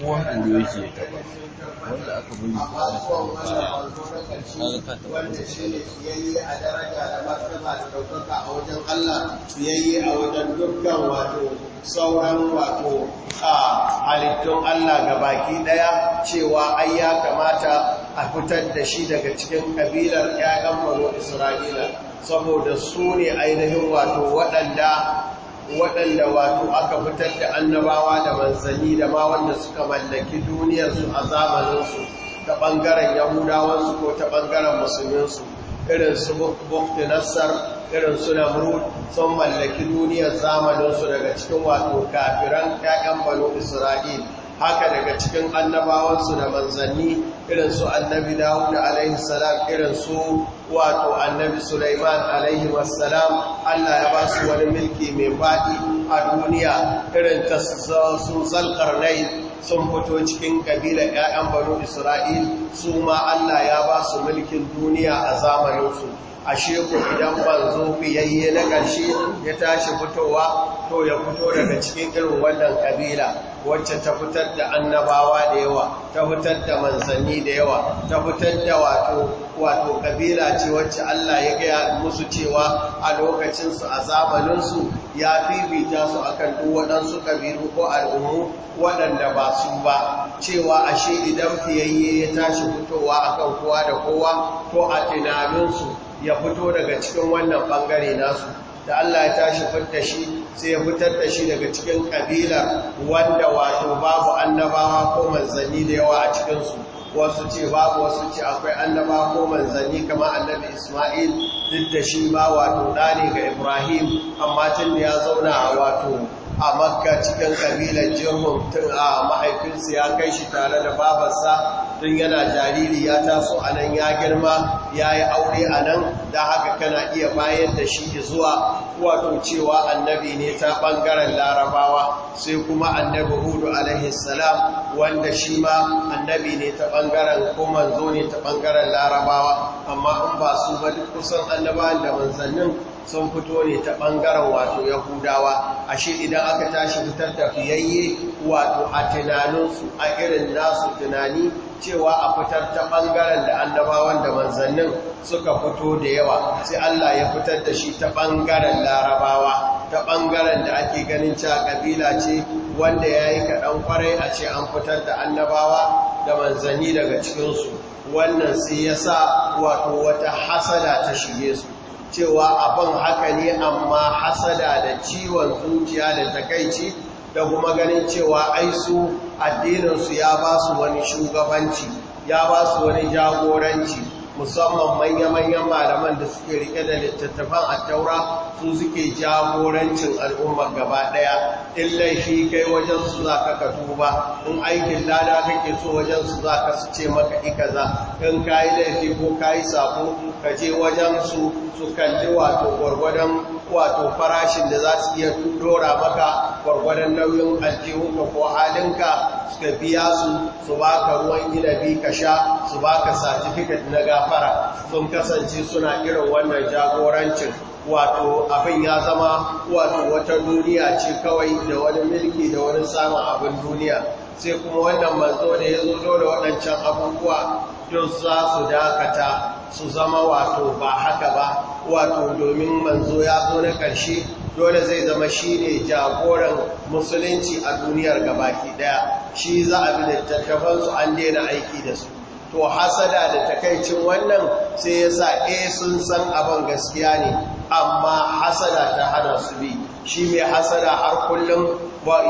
kowa horo yake ya taba wanda aka bari ko ana kawo ba kaga ka taba wanda shi ne yayi a daraja da martaba da daukaka a wajen Allah yayi a wajen dukkan wato sauran wato a halittun Allah ga baki daya cewa ai ya kamata a fitar da shi daga cikin kabilar ƴaƴan Bani Isra'ila saboda su ne ainihin wato waɗanda waɗanda wato aka fitar da annabawa da manzanni da ma wanda suka mallaki duniyarsu a zamaninsu ta ɓangaren yahudawansu ko ta ɓangaren musulminsu irin su bukti nassar irin su namrud sun mallaki duniyar zamaninsu daga cikin wato kafiran 'ya'yan bano isra'il haka daga cikin annabawansu da manzanni irinsu annabi dawud alaihi salam irinsu wato annabi sulaiman alaihi wassalam allah ya ba su wani milki mai faɗi a duniya irin ta sun nai sun fito cikin ƙabilar 'ya'yan banu isra'il su ma allah ya ba su milkin duniya a zamaninsu ashe ku idan banzo biyayye na ƙarshe ya tashi fitowa to ya fito daga cikin irin wannan kabila wacce ta fitar da annabawa da yawa ta fitar da manzanni da yawa ta fitar da wato wato kabila ce wacce Allah ya gaya musu cewa a lokacinsu a zamaninsu ya bita su akan duk waɗansu kabilu ko al'ummu waɗanda ba su ba cewa ashe idan fiyayye ya tashi fitowa akan kowa da kowa to a tunaninsu ya fito daga cikin wannan bangare nasu da Allah ya tashi fitta shi sai ya fitar da shi daga cikin kabila wanda wato babu annabawa ko manzanni da yawa a cikinsu wasu ce babu wasu ce akwai annabawa ko manzanni kamar annabi Ismail duk da shi ba wato ne ga Ibrahim amma tun da ya zauna a wato a makka cikin kabilar jirhum tun a mahaifinsa ya kai shi tare da babarsa tun yana jariri ya taso a nan ya girma ya yi aure a nan da haka kana iya bayan da shi zuwa wato cewa annabi ne ta ɓangaren larabawa sai kuma annabi hudu alaihissalam wanda shi ma annabi ne ta ɓangaren ko manzo ne ta ɓangaren larabawa amma in ba su ba duk kusan annabawan da manzannin sun fito ne ta ɓangaren wato yahudawa ashe idan aka tashi fitar da fiyayye wato a tunaninsu a irin nasu tunani cewa a fitar ta ɓangaren da annabawan da manzannin suka fito da yawa sai Allah ya fitar da shi ta ɓangaren larabawa ta ɓangaren da ake ganin ca ƙabila ce wanda ya yi kaɗan kwarai a ce an fitar da annabawa da manzanni daga cikinsu wannan sai ya sa wato wata hasada ta shige su cewa abin haka ne amma hasada da ciwon zuciya da takaici da kuma ganin cewa ai su addininsu ya ba su wani shugabanci ya ba su wani jagoranci musamman manya-manyan malaman da suke rike da littattafan a taura su suke jagorancin al'ummar gaba ɗaya in laifi kai wajensu za ka ka tuba in aikin lada kake so wajensu za ka su ce maka ikaza in ka yi laifi ko ka yi sako ka je su su kalli wato gwargwadon wato farashin da za su iya dora maka gwargwadon nauyin aljihunka ko halinka ka biya su su baka ruwan inabi ka sha su baka certificate na gafara sun kasance suna irin wannan jagorancin wato abin ya zama wato wata duniya ce kawai da wani milki da wani samun abin duniya sai kuma wannan manzo da ya zo da waɗancan abubuwa don za su dakata su zama wato ba haka ba wato domin manzo ya zo na ƙarshe dole zai zama shi ne jagoran musulunci a duniyar gabaki daya shi za a bi da littattafansu an daina aiki da su to hasada da takaicin wannan sai ya sa e sun san abin gaskiya ne amma hasada ta hana su bi shi mai hasada har kullum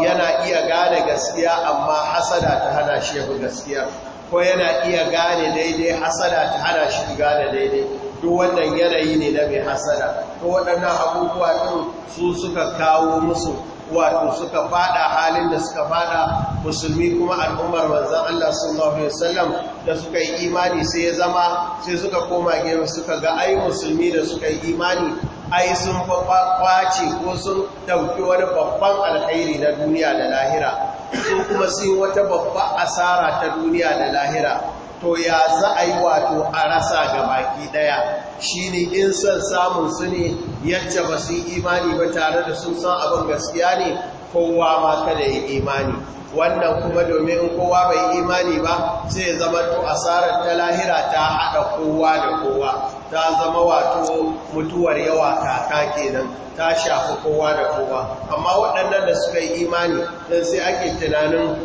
yana iya gane gaskiya amma hasada ta hana shi yabi gaskiya ko yana iya gane daidai hasada ta hana shi gane daidai duk wannan yanayi ne na mai hasada to waɗannan abubuwa ɗin su suka kawo musu wato suka fada halin da suka fada musulmi kuma al'ummar manzan Allah sallallahu Alaihi wasallam da suka yi imani sai ya zama sai suka koma gefe suka ga ai musulmi da suka yi imani ai sun kwace ko sun dauki wani babban alkhairi na duniya da lahira sun kuma sun wata babbar asara ta duniya da lahira to ya za a yi wato a rasa ga baki daya shi ne in son samun su ne yadda ba su yi imani ba tare da sun san abin gaskiya ne kowa ma kada yi imani wannan kuma domin in kowa bai yi imani ba sai zama to asarar ta lahira ta haɗa kowa da kowa ta zama wato mutuwar yawa kaka kenan ta shafi kowa da kowa amma waɗannan da suka yi imani don sai ake tunanin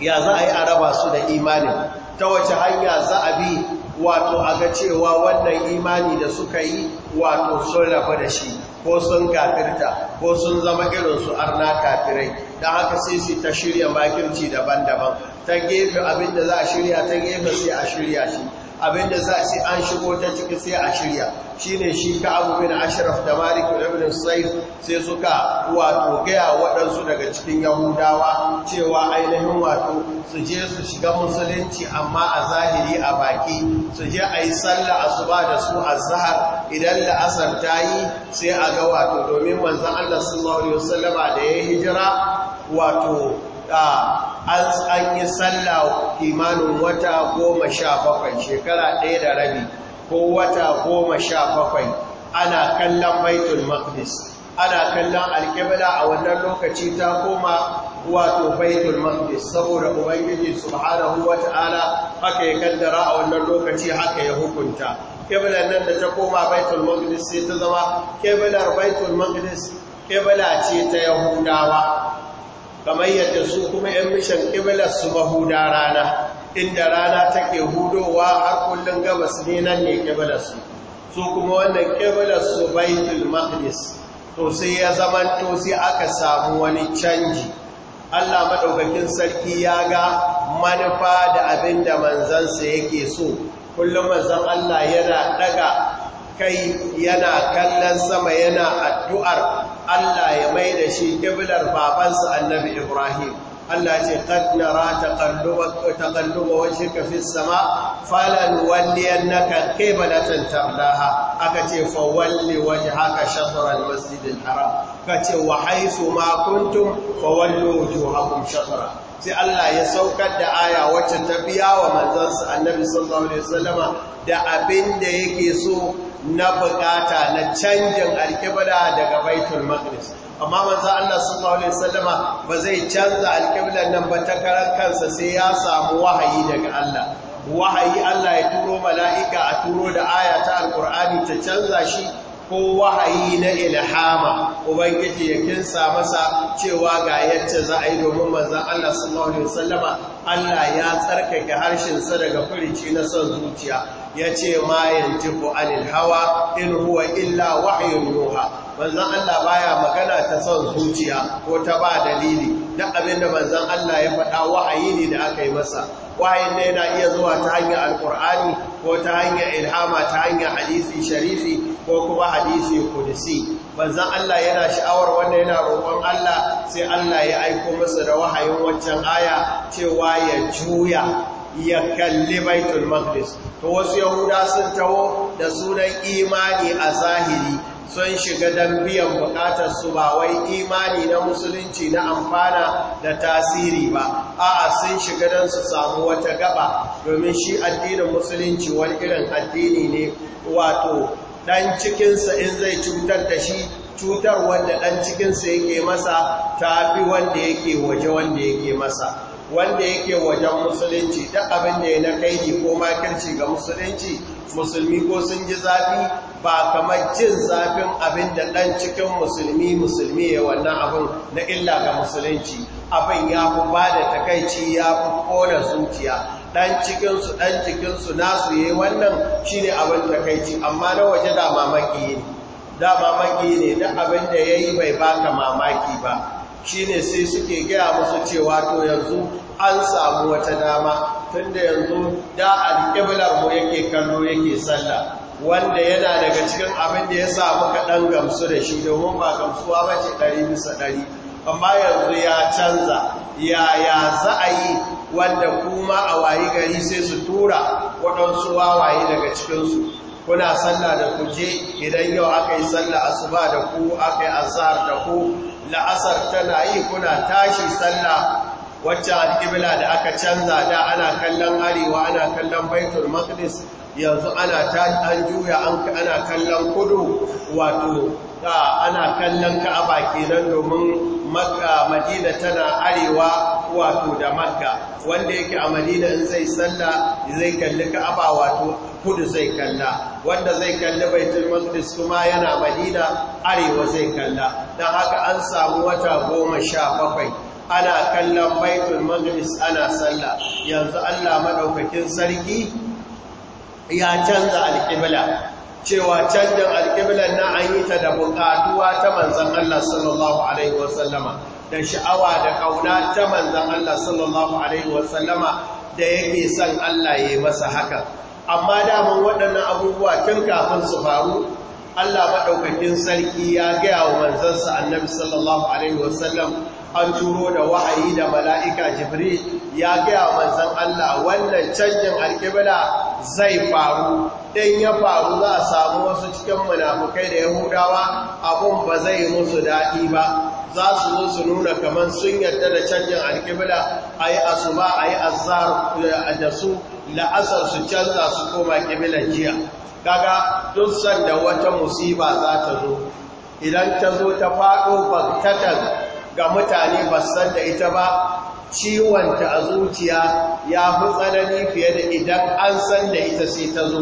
ya za a yi a raba su da imanin ta wace hanya za a bi wato a ga cewa wannan imani da suka yi wato sun rafa da shi ko sun kafirta ko sun zama su arna kafirai don haka sai su ta shirya makirci daban-daban ta gefe abinda za a shirya ta gefe sai a shirya shi abinda za a ce an shigo ta ciki sai a shirya shine shi ka abu ashraf da malik ibn sai suka wato gaya waɗansu daga cikin yahudawa cewa ainihin wato su je su shiga musulunci amma a zahiri a baki su je a yi sallah ba da su a zahar. idan la'asar ta yi sai a ga wato domin manzon Allah sallallahu alaihi da ya hijira wato an yi sallah kimanin wata goma sha bakwai shekara ɗaya da rabi ko wata goma sha bakwai ana kallon baitul maqdis ana kallon alƙibla a wannan lokaci ta koma wato baitul maqdis saboda ubangiji subhanahu wata'ala haka ya kaddara a wannan lokaci haka ya hukunta ƙiblar nan da ta koma baitul maqdis sai ta zama ƙiblar baitul maqdis ce ta yahudawa kamar yadda su kuma ‘yan mishan ƙibilar su mahuda rana inda rana take hudowa har kullum gabas ne nan ne ƙibilarsu su su kuma wannan su su maqdis to sai ya zama to sai aka samu wani canji Allah maɗaukakin sarki ya ga manufa da abin da manzansa yake so kullum manzan Allah yana ɗaga kai yana kallon sama yana addu'ar Allah ya mai da shi ƙiblar babansa annabi Ibrahim. Allah ce, Kad nara taƙalluba wace kafin sama, falon walliyan na kan ƙibalatan tardaha, aka ce, Fawalli waje haka shafarar masjidin haram, ka ce, Wa haifu makuntum, fawallo wujo shafara. Sai Allah ya saukar da aya wacce ta biya wa manzansa annabi sallallahu Alaihi Wasallama da abin da yake so na bukata na canjin alkibla daga baitul maqdis amma manzo Allah sallallahu alaihi wasallama ba zai canza alkiblan nan ba ta karan kansa sai ya samu wahayi daga Allah wahayi Allah ya turo mala'ika a turo da aya ta alqur'ani ta canza shi ko wahayi na ilhama ubangiji ya kinsa masa cewa ga yadda za a yi domin manzan Allah sallallahu alaihi wasallama Allah ya tsarkake harshen sa daga furici na son zuciya ya ce yanzu ko anil hawa in huwa illa wahyun ruha manzan Allah baya magana ta son zuciya ko ta ba dalili duk abinda da manzan Allah ya faɗa wahayi ne da aka yi masa wayan ne yana iya zuwa ta hanyar alkur'ani ko ta hanyar ilhama ta hanyar hadisi sharifi ko kuma hadisi kudisi banzan Allah yana sha'awar wanda yana roƙon Allah sai Allah ya aiko musu da wahayin waccan aya cewa ya juya ya kalli baitul maqdis to wasu yahuda sun taho da sunan imani a zahiri sun shiga don biyan bukatar su ba wai imani na musulunci na amfana da tasiri ba a'a sun shiga don su samu wata gaba domin shi addinin musulunci wani irin addini ne wato dan cikinsa in zai cutar da shi cutar wanda dan cikinsa yake masa ta fi wanda yake waje wanda yake masa wanda yake wajen musulunci duk abin da ya na kaidi ko makirci ga musulunci musulmi ko sun ji zafi ba kamar jin zafin abin da ɗan cikin musulmi musulmi ya wannan abin na illa ga musulunci abin ya fi ba da takaici ya fi kona zuciya ɗan cikinsu ɗan cikinsu nasu ya yi wannan shi ne abin takaici amma na waje da mamaki ne da mamaki ne da abin da ya yi bai baka mamaki ba shi ne sai suke gaya musu cewa to yanzu an samu wata dama tunda yanzu da alƙiblar mu yake kallo yake sallah wanda yana daga cikin abin da ya sa muka ɗan gamsu da shi domin ba gamsuwa ba ce ɗari bisa ɗari amma yanzu ya canza yaya za a yi wanda kuma a wayi gari sai su tura waɗansu wawaye daga cikinsu kuna salla da kuje idan yau aka yi sallah asuba da ku aka yi azhar da ku la'asar tana yi kuna tashi sallah wacce alƙibla da aka canza da ana kallon arewa ana kallon baitul maqdis yanzu ana ta an juya ana kallon kudu wato ana kallon ka'aba kenan domin makka madina tana arewa wato da makka wanda yake a madina in zai salla zai kalli ka'aba wato kudu zai kalla wanda zai kalli baitul maqdis kuma yana madina arewa zai kalla dan haka an samu wata goma sha bakwai ana kallon baitul maqdis ana salla yanzu Allah madaukakin sarki ya canza alƙibla cewa canjin alƙibla na an yi ta da buƙatuwa ta manzan Allah sallallahu Alaihi wasallama da sha'awa da ƙauna ta manzan Allah sallallahu Alaihi wasallama da yake son Allah ya yi masa haka amma damun waɗannan abubuwa tun kafin su faru Allah maɗaukakin sarki ya gaya wa manzansa annabi sallallahu Alaihi wasallam an turo da wa'ayi da mala'ika Jibri ya gaya manzan Allah wannan canjin alkibla zai faru ɗin ya faru za a samu wasu cikin munafukai da yahudawa abun ba zai musu daɗi ba za su zo su nuna kamar sun yarda da canjin alkibla a yi asuba a yi azar eh, da su la'asar su canza su koma kibilan jiya kaga duk sanda wata musiba za ta zo idan ta zo ta faɗo baktatar ga mutane ba san da ita ba ciwon ta a zuciya ya fi tsanani fiye da idan an san da ita sai ta zo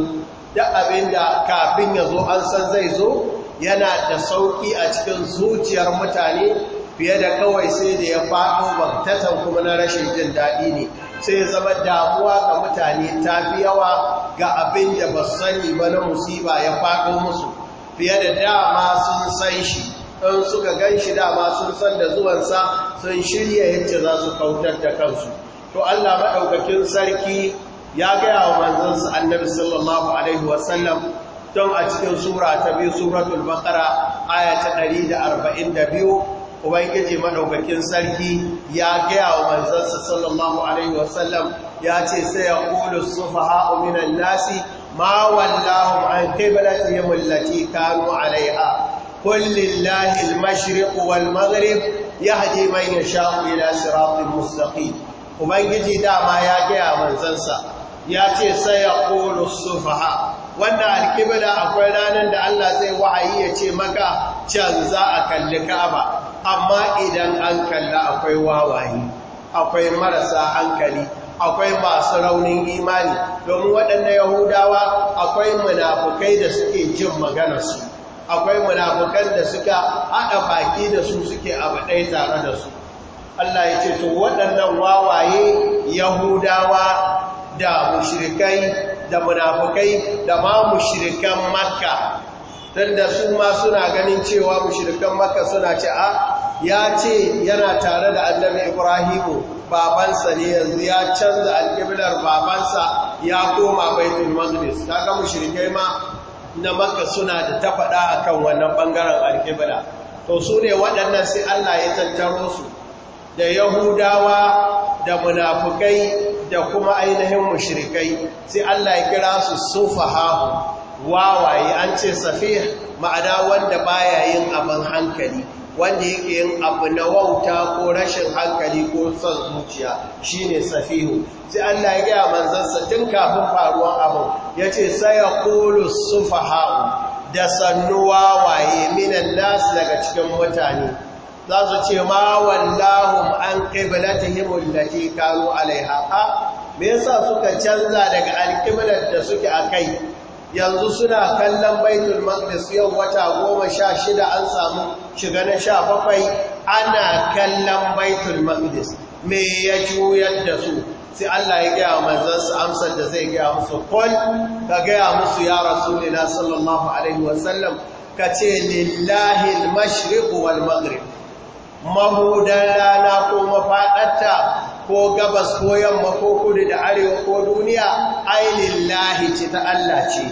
da abinda kafin ya zo an san zai zo yana da sauƙi a cikin zuciyar mutane fiye da kawai sai da ya faɗo baktatan kuma na rashin jin daɗi ne sai zama damuwa ga mutane ta fi yawa ga abin da ba sani ba na musiba ya faɗo musu fiye da dama sun san shi in suka gan shi dama sun san da zuwansa sun shirya yadda za su kautar da kansu to Allah maɗaukakin sarki ya gaya wa manzansa annabi sallallahu alaihi wasallam don a cikin sura ta biyu suratul baqara aya ta 142 ubangiji maɗaukakin sarki ya gaya wa manzansa sallallahu alaihi wasallam ya ce sai ya kulu sufaha'u minan nasi ma wallahu an qiblatihim allati kanu alaiha قل لله المشرق والمغرب يهدي من يشاء إلى صراط مستقيم ubangiji dama ya gaya manzansa ya ce sai ya ƙolo sufaha wannan alkibila akwai ranar da Allah zai wahayi ya ce maka can za a kalli kaba amma idan an kalla akwai wawaye akwai marasa hankali akwai masu raunin imani domin waɗanda yahudawa akwai munafukai da suke jin maganarsu akwai munafukan da suka haɗa baki da su suke abu ɗaya tare da su Allah ya ce to waɗannan wawaye yahudawa da mushrikai da munafukai da ma mushrikan makka don da su ma suna ganin cewa mushirikan makka suna ce a ah, ya ce yana tare da annabi ibrahimu babansa ne yanzu ya canza alƙiblar babansa ya koma baitul maqdis ga mushirikai ma na maka suna da ta faɗa a kan wannan ɓangaren alkibla to su ne waɗannan sai Allah ya tattaro su da yahudawa da munafukai da kuma ainihin mushrikai sai Allah ya kira su hahu? wawaye an ce safih ma'ana wanda baya yin abin hankali wanda yake yin abu na wauta ko rashin hankali ko son zuciya shine safihu sai Allah ya gaya manzansa tun kafin faruwar abu yace sayaqulu sufaha'u da sannuwa waye minan nas daga cikin mutane za su ce ma wallahum an qiblatihim allati kanu alaiha me yasa suka canza daga alqiblar da suke a kai? yanzu suna kallon baitul maqdis yau wata goma sha shida an samu shiga na sha ana kallon baitul maqdis me ya juyar da su sai Allah ya gaya sa amsar da zai gaya musu kon ka gaya musu ya rasulina sallallahu alaihi wasallam ka ce lillahi al-mashriq wal maghrib mahudan rana ko mafadatta ko gabas ko yamma ko kudu da arewa ko duniya ainihin ce ta Allah ce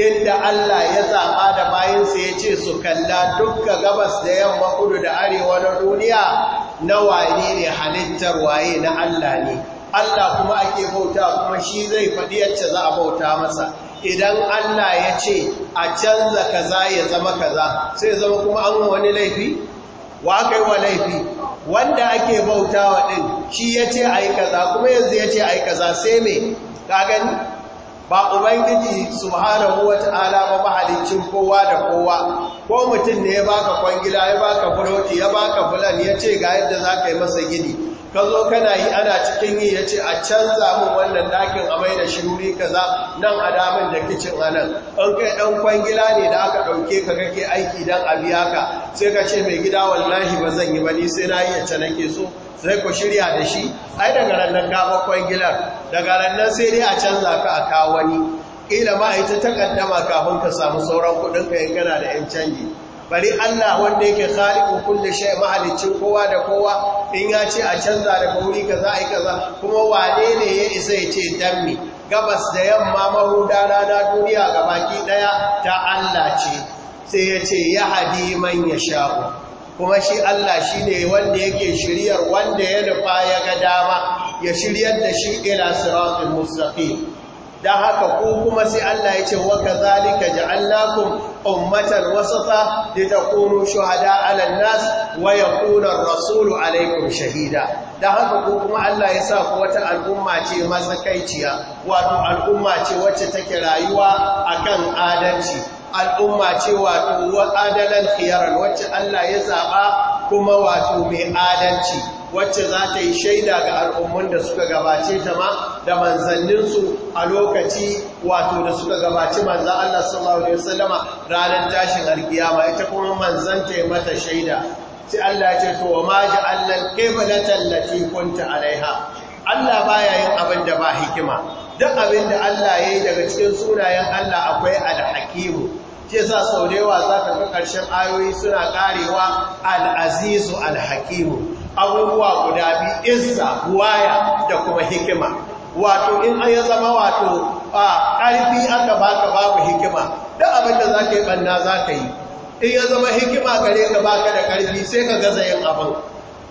inda Allah ya zaɓa da bayansa ya ce su kalla dukka gabas da yamma kudu da arewa na duniya na waye ne halittar waye na Allah ne Allah kuma ake bauta kuma shi zai faɗi yacce za a bauta masa idan Allah ya ce a canza kaza ya zama kaza sai zama kuma an wani laifi wa aka yi wa laifi wanda ake bautawa ɗin shi ya ce a yi kaza kuma yanzu ya ce a yi kaza sai mai gani ba ubangiji subhanahu wa ta'ala ba mahalicin kowa da kowa ko mutum ne ya baka kwangila ya baka furoti ya baka fulan ya ce ga yadda za ka yi masa gini ka zo kana yi ana cikin yi ya ce a canza mun wannan dakin a mai da shi wuri kaza nan a damin da kicin a nan an kai ɗan kwangila ne da aka ɗauke ka kake aiki don a biya ka sai ka ce mai gida wallahi ba zan yi ba ni sai na yi na ke so sai ku shirya da shi ai daga rannan gaba kwangilar daga rannan sai dai a canza ka a kawo wani ƙila ma ita ta kaddama kafin ka samu sauran kuɗin ka yin kana da 'yan canji bari Allah wanda yake khaliqu kulli shay mahalicin kowa da kowa in ya ce a canza daga wuri a yi kaza kuma wane ne ya isa ya ce dan gabas da yamma mahuda rana duniya gabaki daya ta Allah ce sai ya ce yahdi man yasha'u kuma shi Allah shi ne wanda yake shiryar wanda ya nufa ya ga dama ya shiryar da shi ila siratul mustaqim Da haka ko kuma sai Allah ya ce wa kazalika ja'alnakum ummatan wasata litakunu shuhada 'alan nas wa yakuna ar-rasulu 'alaykum shahida Da haka ko kuma Allah ya sa ku wata al'umma ce matsakaiciya wato al'umma ce wacce take rayuwa akan adalci al'umma ce wato adalan khiyaran wacce Allah ya zaɓa kuma wato mai adalci wacce za ta yi shaida ga al'ummun da suka gabace ta ma da manzanninsu a lokaci wato da suka gabaci manza Allah sallallahu Alaihi wasallama ranar tashin alkiyama ita kuma manzan ta yi mata shaida sai Allah ce to wa ma ji Allah tallafi kunta alaiha Allah baya yin abin da ba hikima duk abin da Allah ya yi daga cikin sunayen Allah akwai alhakimu ke sa sau da yawa za ka ga ƙarshen ayoyi suna ƙarewa al'azizu alhakimu abubuwa guda biyu izza waya da kuma hikima wato in an ya zama wato a ƙarfi aka baka babu hikima da abin da za ka yi ɓanna za ka yi in ya zama hikima gare ka baka da ƙarfi sai ka gaza yin abin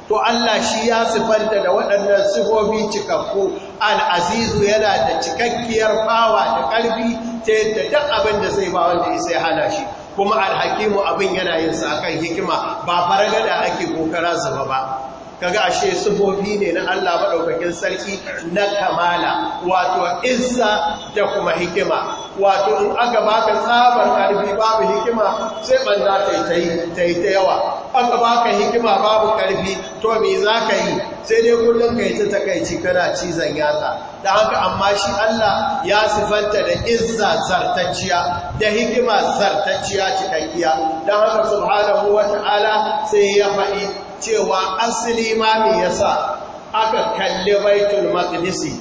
to Allah shi ya sifanta da waɗannan sifofi cikakku al'azizu yana da cikakkiyar fawa da ƙarfi ta yadda duk abin da zai ba wanda sai hana shi kuma alhakimu abin yana yin sa kan hikima ba faragada ake kokara zuba ba kaga ashe sifofi ne na Allah baɗaukakin sarki na kamala wato izza da kuma hikima wato in aka baka tsabar ƙarfi babu hikima sai banza ta yi ta yawa ba ka hikima babu karfi to me za ka yi sai dai kullum ka yi ta takaici kana cizon yatsa da haka amma shi Allah ya sifanta da izza zartacciya da hikima zartacciya cikakkiya don haka subhanahu wata'ala sai ya faɗi cewa asali ma me yasa aka kalli baitul maqdisi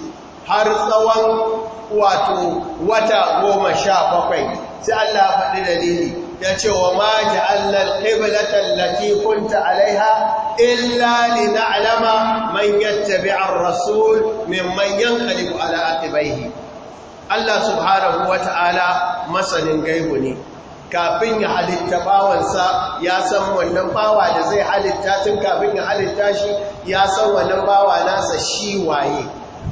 har tsawon wato wata goma sha bakwai sai Allah faɗi dalili ya ce wa ma ja'alna al-qiblata allati kunta 'alayha illa lin'alama man yattabi'u ar-rasul mimman yanqalibu 'ala aqibaihi Allah subhanahu Ta'ala masanin gaibu ne kafin ya halitta bawansa ya san wannan bawa da zai halitta tun kafin ya halitta shi ya san wannan bawa nasa shi waye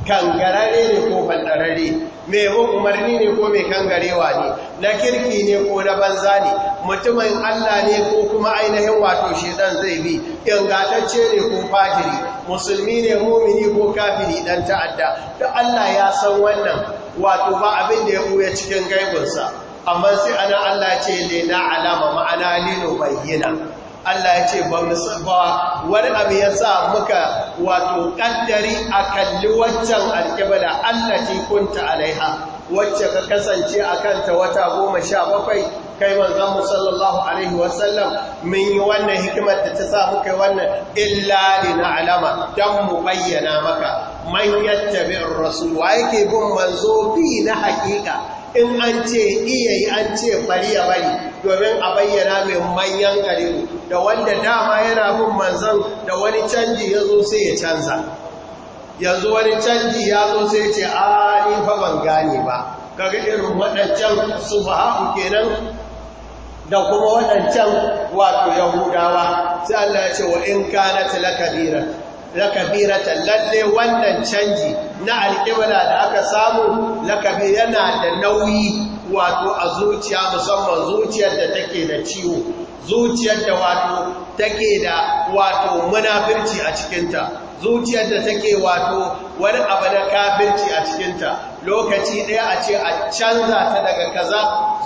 kangarare ne ko baldarare mai bin umarni ne ko mai kangarewa ne na kirki ne ko na banza ne mutumin Allah ne ko kuma ainihin wato shi zan zai bi gatacce ne ko fajiri musulmi ne mumini ko kafiri dan ta'adda da Allah ya san wannan wato ba abin da ya buya cikin gaibinsa amma sai ana Allah ce ne na alama ma'ana lino bayyana Allah ya ce ba wani abu ya sa muka wato kaddari a kalli waccan alkibla allati kunta alaiha wacce ka kasance a kanta wata goma sha bakwai kai manzanmu sallallahu alaihi wasallam mun yi wannan hikimar da ta sa muka wannan illa li alama dan mu bayyana maka man yattabi'ur rasul wa yake bin manzo bi na haƙiƙa in an ce iya yi an ce bari ya bari domin a bayyana mai manyan kariru da wanda dama yana bin manzan da wani canji ya zo sai ya canza yanzu wani canji ya zo sai ce a ni fa ban gane ba kaga irin waɗancan su fahamu kenan da kuma waɗancan wato yahudawa sai Allah ya ce wa in kana talakabira lakabirata lalle wannan canji na alƙibla da aka samu lakabi yana da nauyi wato a zuciya musamman zuciyar da take da ciwo zuciyar da wato take da wato munafirci a cikinta zuciyar da take wato wani abu na kafirci a cikinta lokaci ɗaya a ce a canza ta daga kaza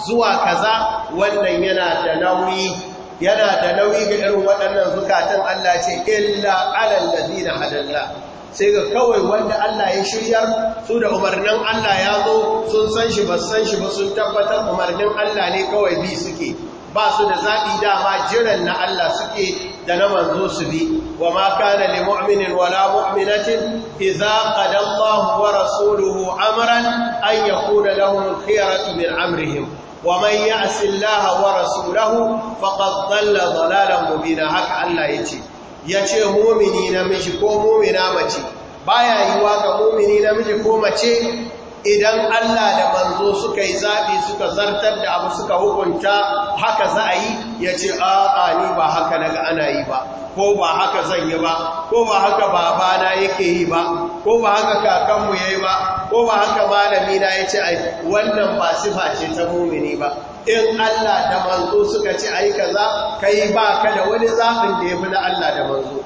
zuwa kaza wannan yana da nauyi yana da nauyi ga irin waɗannan zukatan Allah ce illa alal ladina hadalla sai ga kawai wanda Allah ya shiryar su da umarnin Allah ya zo sun san shi ba san shi ba sun tabbatar umarnin Allah ne kawai bi suke ba su da zaɓi dama jiran na Allah suke da na manzo su bi wa ma kana lil mu'minin wala mu'minatin idza qada Allahu wa rasuluhu amran an yakuna lahum khiyaratu min amrihim ومن يعص الله ورسوله فقد ضل ضلالا مبينا هكا الله يتي yace mumini namiji ko mumina mace baya yi ga mumini namiji ko mace idan Allah da manzo suka yi zaɓi suka zartar da abu suka hukunta haka za a yi ya ce a ni ba haka na ana yi ba ko ba haka zan yi ba ko ba haka babana yake yi ba ko ba haka kakanmu ya yi ba ko ba haka malamina ya ce ai wannan ba sifa ce ta mumini ba in Allah da manzo suka ce ayi kaza yi ba ka da wani zaɓin da ya fi na Allah da manzo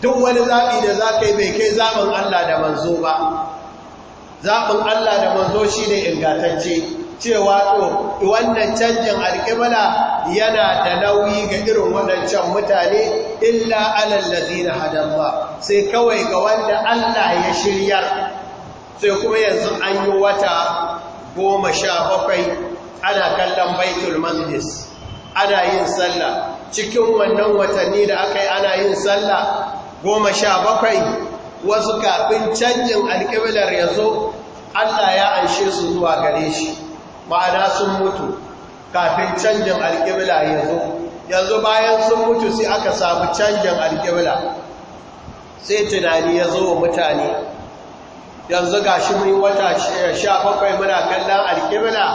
duk wani zaɓi da za ka yi bai kai zaɓin Allah da manzo ba zaɓin Allah da manzo shi ne ingatacce cewa to wannan canjin alƙibla yana da nauyi ga irin waɗancan mutane illa alallazina na hadamma sai kawai ga wanda Allah ya shirya sai kuma yanzu an yi wata goma ana kallon baitul maqdis ana yin sallah cikin wannan watanni da aka yi ana yin sallah goma sha bakwai wasu kafin canjin alkiblar ya zo Allah ya anshe su zuwa gare shi ma'ana sun mutu kafin canjin alkibla ya zo yanzu bayan sun mutu sai aka samu canjin alkibla. sai tunani ya zo wa mutane yanzu ga shi mai wata sha bakwai muna kallon alkibla.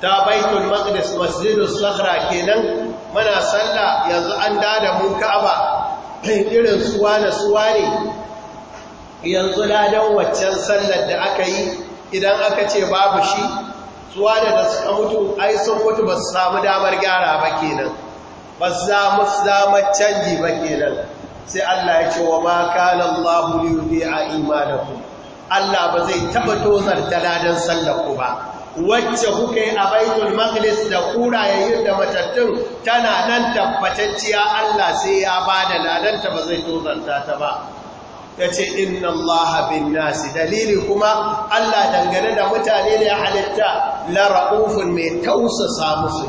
ta baitul maqdis masjidus sahra kenan muna sallah yanzu an dada mu ka'aba irin suwa na suwa ne yanzu ladan waccan sallar da aka yi idan aka ce babu shi zuwa da suka mutu ai sun mutu ba su samu damar gyara ba kenan ba su samu damar canji ba kenan sai Allah ya ce wa ma kana Allahu a imanaku. Allah ba zai taba tozar da ladan sallar ku ba wacce kuka yi a baitul maglis da ya yi da matattun tana nan tabbatacciya Allah sai ya ba da ladanta ba zai tozanta ta ba ya ce inna Allah bin nasi dalili kuma Allah dangane da mutane ne halitta la ra'ufun mai tausasa musu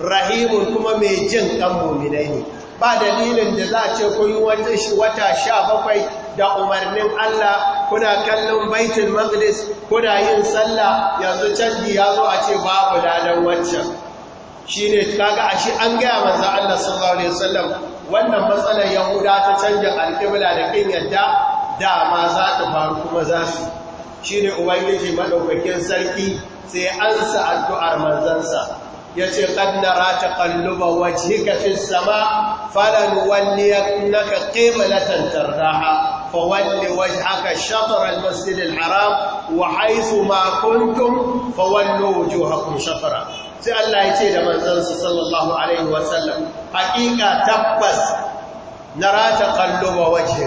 rahimun kuma mai jin kan muminai ne ba dalilin da za a ce kun yi wata sha bakwai da umarnin Allah kuna kallon baitul maqdis kuna yin sallah yanzu canji ya zo a ce babu ladan wancan shine kaga ashe an gaya manzo Allah sallallahu alaihi wasallam wannan matsalar yahuda ta canza alƙibla da kin yadda dama za ta faru kuma za su shine ubangiji maɗaukakin sarki sai ansa addu'ar manzansa yace qad nara taqalluba wajhika fis sama falan walliyannaka qiblatan tardaha fa wani waje al shafar al haram wa haythu ma wani fawallu wujuhakum shafara. sai Allah ya ce da manzansa sallallahu alaihi wasallam haƙiƙa tabbas na rata kallo wa waje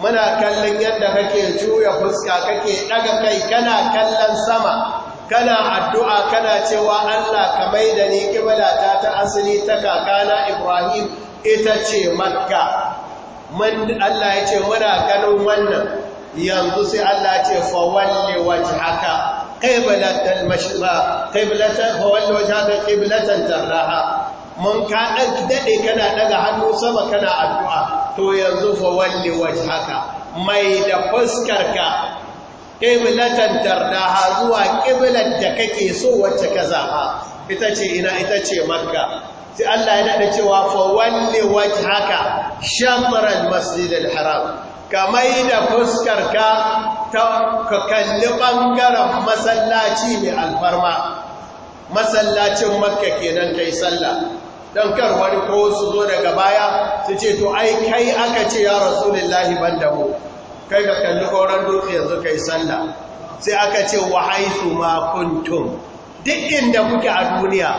muna kallon yadda kake juya fuska kake daga kai kana kallon sama kana addu'a kana cewa Allah ka mai da ni ƙibalata ta asali ta kakana Ibrahim ita ce makka Allah ya ce muna ganin wannan yanzu sai Allah ce waje haka. qiblatal mashriqa qiblatan huwa alwajha qiblatan taraha mun ka dan kana daga hannu sama kana addu'a to yanzu fa walli wajhaka mai da fuskarka ƙiblatan tardaha zuwa ƙiblar da kake so wacce ka zaɓa ita ce ina ita ce makka sai Allah ya daɗa cewa fawalli wajhaka shamral masjidil haram ka mai da fuskarka ta ka kalli ɓangaren masallaci mai alfarma masallacin makka kenan yi sallah don kar ko su zo daga baya su ce to ai kai aka ce ya lahi ban da mu kai ka kalli koran dutse yanzu ka yi sallah sai aka ce wa haisu ma kuntum duk inda kuke a duniya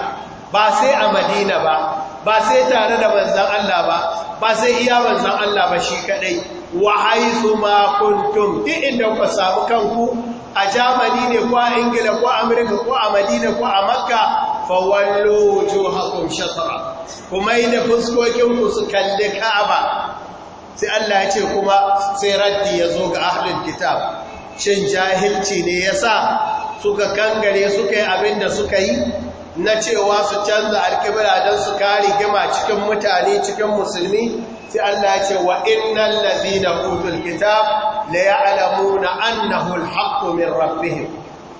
ba sai a madina ba ba sai tare da manzan Allah ba ba sai iya manzan Allah ba shi kadai wa haizu ma kuntum duk inda ku samu kanku a Jamani ne ko a Ingila ko a Amurka ko a Madina ko a Makka fa wallu wujuhakum kuma yi fuskokin ku su kalli Ka'aba sai Allah ya ce kuma sai raddi ya zo ga ahlul kitab shin jahilci ne yasa suka kangare suka yi abin da suka yi na cewa su canza alkibira don su kare gima cikin mutane cikin musulmi sai Allah ce wa innal ladina utul kitab la ya'lamuna annahu al min rabbihim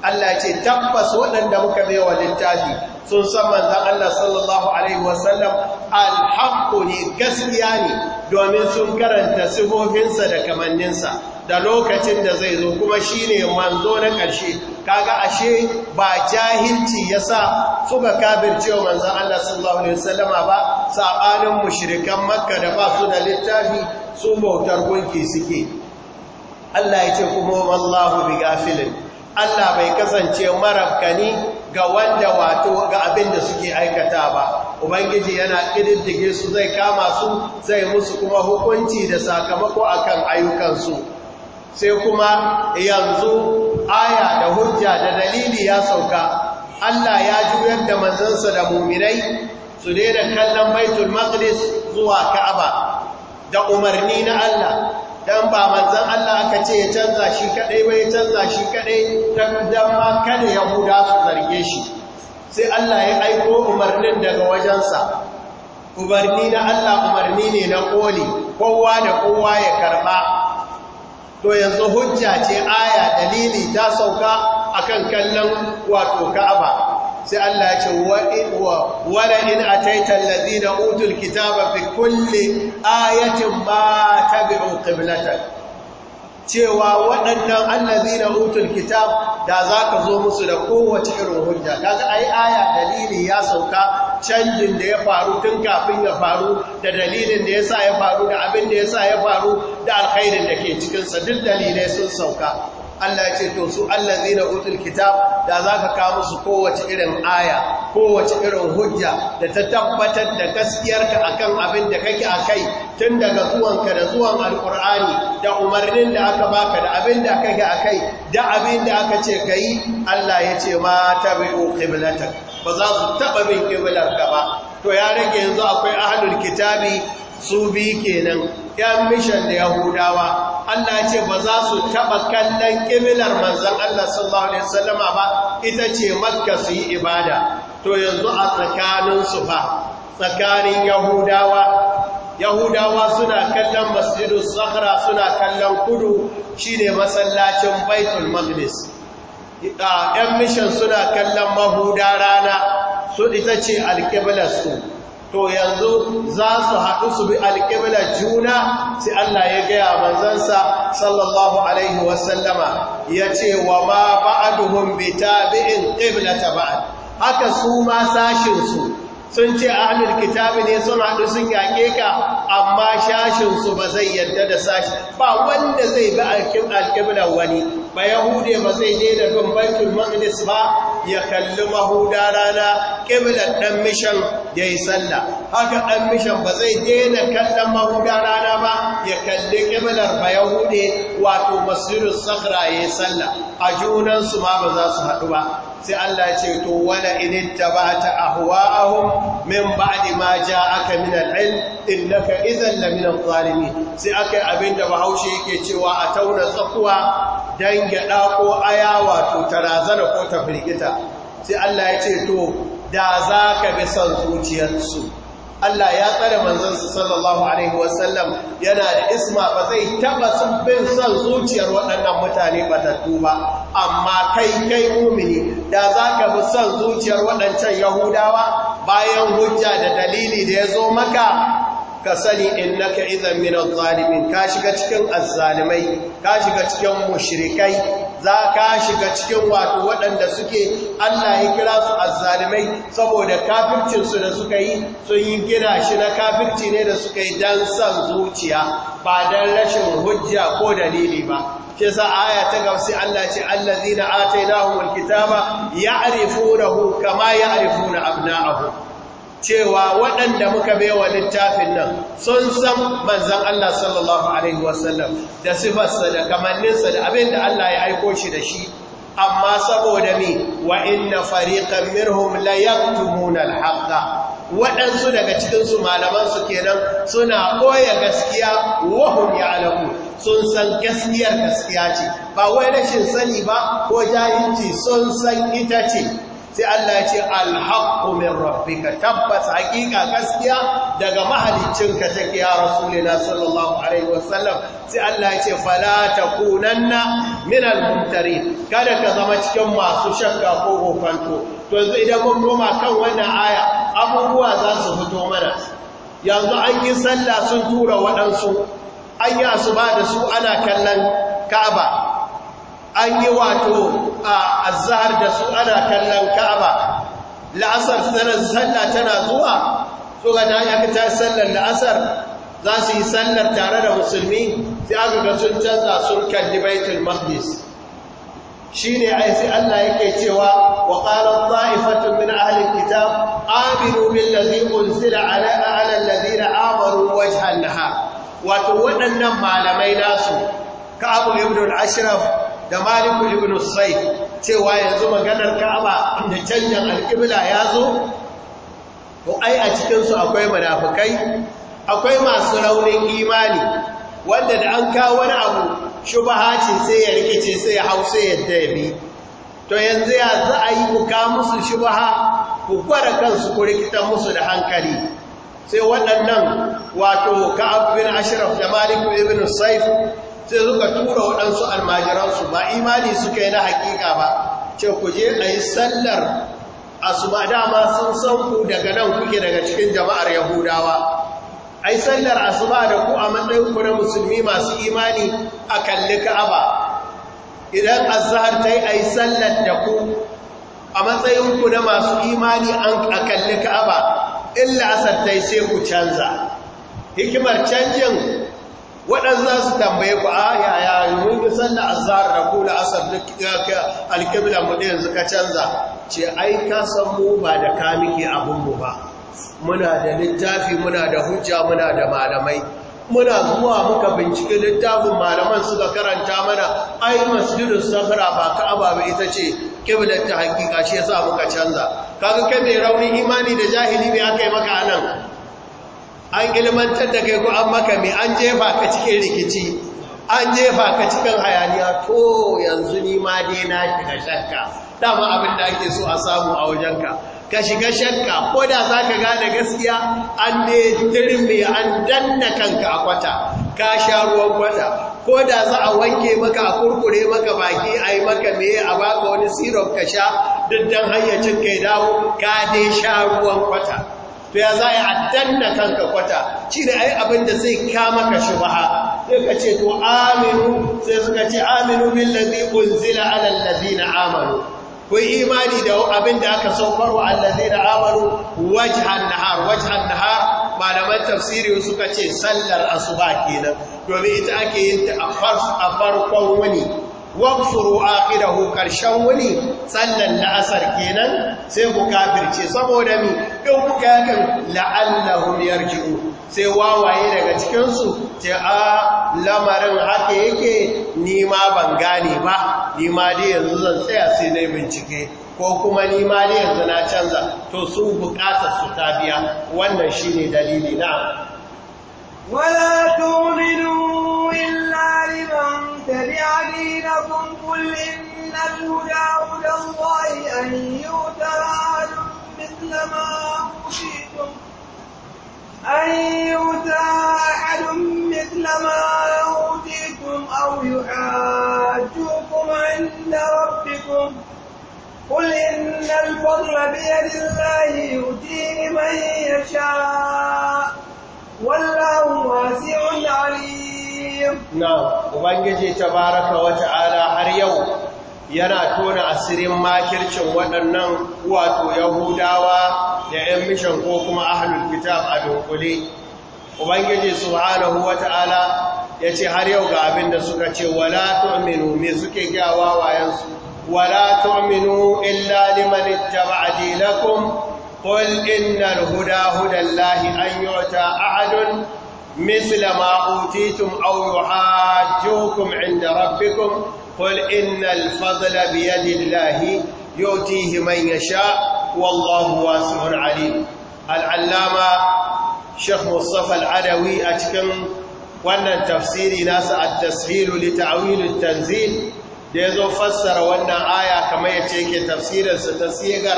Allah ce tabbas waɗanda muka baiwa littafi sun san manzon Allah sallallahu alaihi wasallam al gaskiya ne domin sun karanta sifofinsa da kamanninsa da lokacin da zai zo kuma shi ne manzo na ƙarshe kaga ashe ba jahilci ya yasa suka cewa manzo Allah sallallahu alaihi wasallama ba sabanin mushrikan Makka da ba su da littafi su bautar gunki suke Allah ya ce kuma wallahu filin. Allah bai kasance marabkani ga wanda wato ga abin da suke aikata ba ubangiji yana ƙididdige su zai kama su zai musu kuma hukunci da sakamako akan ayyukansu sai kuma yanzu aya da hujja da dalili ya sauka Allah ya juyar da manzansa da muminai su daina kallon baitul maqdis zuwa ka'aba da umarni na Allah dan ba manzan Allah aka ce ya canza shi kadai ba ya canza shi kadai dan ma kada yahuda su zarge shi sai Allah ya aiko umarnin daga wajensa umarni na Allah umarni ne na koli kowa da kowa ya karba to yanzu hujja ce aya dalili ta sauka akan kallon wato ka'aba sai Allah ya ce wala in ataita allazina utul kitaba fi kulli ayatin ma tabi'u qiblatak cewa waɗannan na hutun kitab da za ka zo musu da kowace irin hujja za a yi aya dalili ya sauka canjin da ya faru tun kafin ya faru da dalilin da ya sa ya faru da abin da ya sa ya faru da alkhairin da ke cikinsa, duk dalilai sun sauka Allah ya ce to su Allah allazina utul kitab da zaka ka musu kowace irin aya kowace irin hujja da ta tabbatar da gaskiyarka akan abin da kake akai tun daga zuwanka da zuwan alkur'ani da umarnin da aka baka da abin da kake akai da abin da aka ce kai Allah ya ce ma tabi'u qiblatak ba za su taba bin ka ba to ya rage yanzu akwai ahlul kitabi su bi kenan yan mishan da yahudawa Allah ce ba za su taɓa kallon kimilar manzan Allah sallallahu alaihi wasallama ba ita ce makka su yi ibada to yanzu a tsakaninsu su fa tsakanin yahudawa yahudawa suna kallon masjidus sahra suna kallon kudu shine masallacin baitul maqdis yan mishan suna kallon mahuda rana su ita ce alƙiblarsu to yanzu za su haɗu su bi alƙibla juna sai Allah ya gaya manzansa sallallahu alaihi wasallama ya ce wa ma ba'aduhum bi tabi'in ta ba'd haka su ma sashinsu sun ce halin kitabi ne sun haɗu sun yaƙe ka amma shashinsu ba zai yadda da sashi ba wanda zai bi alƙiblar wani ba yahude ba zai je da bin ba ya kalli mahuda rana ɗan mishan ya yi sallah haka ɗan mishan ba zai daina kallon mahuda rana ba ya kalli ƙiblar ba yahude wato masiru sakra ya yi sallah a junansu ma ba za su haɗu ba sai Allah ya ce to wala in ittaba'ta ahwa'ahum min ba'di ma ja'aka min al-ilm innaka idhan la min al-zalimin sai aka abinda bahaushe yake cewa a tauna tsakuwa dan gyada ko aya wato tarazana ko tafrikita sai Allah ya ce to da zaka bi san zuciyarsu Allah ya tsare manzansa sallallahu alaihi wasallam yana da isma ba zai taba bin san zuciyar waɗannan mutane batattu ba amma kai kai mumini da za ka fi son zuciyar waɗancan yahudawa bayan hujja da dalili da ya zo maka ka sani in na ka min minan zalimin ka shiga cikin azzalimai ka shiga cikin mushrikai za ka shiga cikin wato waɗanda suke Allah ya kira su azzalimai saboda kafircinsu da suka yi sun yi gina shi na kafirci ne da suka yi don san zuciya ba don rashin hujja ko dalili ba shi sa aya ta gaba sai Allah ce allazina atainahumul kitaba hu kama ya'rifuna abu cewa waɗanda muka baiwa littafin nan sun san manzan Allah sallallahu alaihi wasallam da sifarsa da kamanninsa da abin da Allah ya aiko shi da shi amma saboda mi wa inna fariƙar minhum la yaktumuna al waɗansu daga cikinsu malamansu kenan suna ɓoye gaskiya wahun ya alamu sun san gaskiyar gaskiya ce ba wai rashin sani ba ko jahilci sun san ita ce sai Allah ya ce alhaqqu min rabbika tabbas haqiqa gaskiya daga ka take ya rasulina sallallahu alaihi wasallam sai Allah ya ce fala takunanna min almumtarin kada ka zama cikin masu shakka ko hofanto to yanzu idan mun koma kan wannan aya abubuwa za su fito mana yanzu an yi sallah sun tura waɗansu an yi asuba da su ana kallon ka'aba an yi wato a azhar da su ana kallon ka'aba la'asar sallah tana zuwa ga ta yi ta sallar la'asar za su yi sallar tare da musulmi sai aka ga sun canza sun kalli baitul maqdis shi ne a yi Allah yake cewa wa ƙarar ta'ifatun min ahalin kitab aminu min lazi unzila ala alallazina amaru wajhan nahar wato waɗannan malamai nasu abu ibn al-ashraf da malik ibn sai cewa yanzu maganar ka'aba da canjin alƙibla ya zo ko ai a cikinsu akwai munafukai akwai masu raunin imani wanda da an kawo wani abu shubaha ce sai ya rikice sai ya hau sai ya tabi to yanzu ya za a yi ku musu shubaha ku kware kansu ku rikitan musu da hankali sai waɗannan wato ka'ab bin ashraf da malik ibn saif sai suka tura waɗansu almajiransu ba imani suka yi na hakika ba ce ku je a yi sallar asuba dama sun san daga nan kuke daga cikin jama'ar yahudawa A yi sallar asuba da ku a matsayin na musulmi masu imani a kalli ka'aba idan azhar a yi sallar da ku a matsayin na masu imani a kalli ka'aba in la'asar ta sai ku canza hikimar canjin waɗanda su tambaye ku a ah, yaya mun yi sallar azhar da ku la'asar da alkibla mu yanzu ka canza ce ai ka san mu ba da kamiki abun mu ba muna da littafi muna da hujja muna da malamai muna zuwa muka bincike littafin malaman suka karanta mana ai masjidin sakara ba ka ba ita ce kiblar ta hakika shi yasa muka canza kaga kai mai rauni imani da jahili ne aka maka anan an ilmantar da kai ko an maka mai an jefa ka cikin rikici an jefa ka cikin hayaniya to yanzu ni ma dai na shiga shakka dama abin da ake so a samu a wajenka ka shiga shakka ko da za ka gane gaskiya an ne turmi an danna kanka a kwata ka sha ruwan kwata ko da za a wanke maka a kurkure maka baki a yi maka meye a baka wani sirop ka sha duk hanyacin kai dawo ka ne sha ruwan kwata to ya za a danna kanka kwata ci da ai abin da zai kama ka shubaha sai ka ce to aminu sai suka ce aminu min lazi unzila alal lazi na amanu ku imani da abin da aka saukarwa allazi na amaru wajhan nahar wajhan nahar malaman tafsiri suka ce sallar asuba kenan domin ita ake yin ta a a farkon wani wamsuru aqidahu karshen wani sallar la'asar kenan sai ku kafirce saboda mi duk kakan la'allahum yarji'u sai wawaye daga cikinsu ce a lamarin haka yake nima ban gane ba nima dai yanzu zan tsaya sai na bincike ko kuma nima dai yanzu na canza to su bukatar su ta biya wannan shi ne dalili na wala tuminu illa liman tabi'a dinakum huda hudallahi an yu'ta mithla ma أن يؤتى أحد مثل ما أوتيتم أو يحاجوكم عند ربكم قل إن الفضل بيد الله يؤتيه من يشاء والله واسع عليم نعم وبنجي تبارك وتعالى هر يوم yana tona asirin makircin waɗannan wato yahudawa da 'yan mishan ko kuma ahalul kitab a dunkule ubangiji subhanahu ta’ala ya ce har yau ga abin da suka ce wala tu'minu me suke gyawa wayansu wala tu'minu illa liman ittaba'a dinakum قل إن الهدى هدى الله أن يؤتى أحد مثل ما أوتيتم أو يحاجوكم inda rabbikun قل إن الفضل بيد الله يؤتيه من يشاء والله واسع عليم العلامة شيخ مصطفى العدوي أتكم وأن تفسيري ناس التسهيل لتعويل التنزيل da ya zo fassara wannan aya kamar yace yake tafsirinsa ta sigar